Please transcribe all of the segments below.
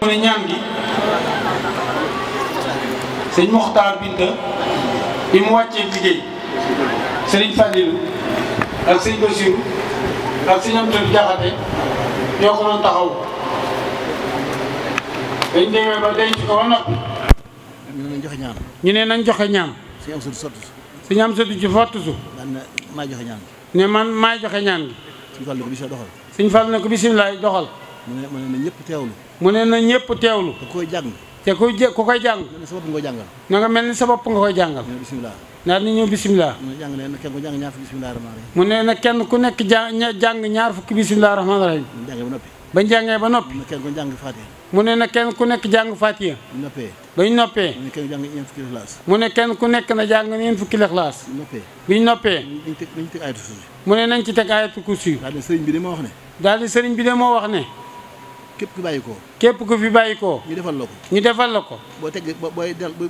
mu ne ñaan gi sëñ Moxtaar Binta bi mu wàccee liggéey sëriñ Fadilu ak sëñ Basiru ak sëñ Amadu Jaxate ñoo ko doon taxaw dañ demee ba denc ko ba noppi ñu ne nañ joxe ñaan ñu ne nañ joxe ñaan sëñ am sëtu sottu sëñ am sëtu ci fottu su maa joxe ñaan ne man maa joxe ñaan gi sëñ Fall ne ko bisimilaay doxal sëñ Fall ne ko bisimilaay doxal mu ne mu ne na ñëpp teewlu mu ne na ñëpp teewlu ku koy jàng te ku jë ku koy jàng sa bopp nga koy jàngal na nga mel ni sa bopp nga koy jàngal bismillah naa ni ñëw bismillah mu ne jàng na kenn ku jàng ñaar fukki bismillah rahmaan rahim mu ne na kenn ku nekk jàng ñaar fukki bismillah rahmaan rahim jàngee ba noppi bañ jàngee ba noppi mu ne kenn ku jàng fatiha mu ne na kenn ku nekk jàng fatiha bañ noppee bañ noppee mu ne kenn ku nekk na jàng ñeent fukki lexlaas biñ noppee mu ne nañ ci teg ayatul kursi daal di sëriñ bi de moo wax ne daal di sëriñ bi de moo wax ne képp ku bàyyi ko. képp ku fi bàyyi ko. ñu defal la ko. ñu defal la ko. boo teggee boo booy del bu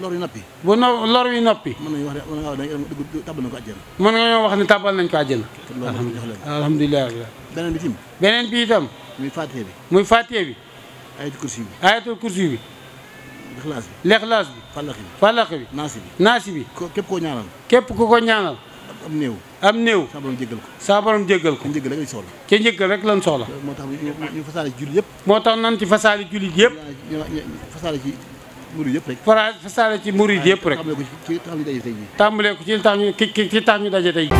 lor yu noppi. bu no lor yu noppi. mën nañu wax ne mën nañu wax ne tàbbal nañu ko àjjana. mën nañoo wax ne tàbbal nañu ko àjjana. alhamdulilah beneen beneen bi itam. muy fàttee bi. muy fàtte bi. ayatul kursi bi. ayatul kursi bi. lexlaas bi. lexlaas bi. falax bi. falax naasi bi. naasi bi. képp koo ñaanal. képp ku ko ñaanal. néew. am néew saa borom jéggal ko saa borom jéggal ko njëggal rek lañ soxla ca njëggal rek lañ soxla moo tax ñu fasaale jullit yëpp moo tax nan ci fasaale jullit yëpp fasaale ci murid yëpp rek fasaale ci murid yëpp rek tàmbalee ko ci li tax ñu ki ki tax ñu daje tey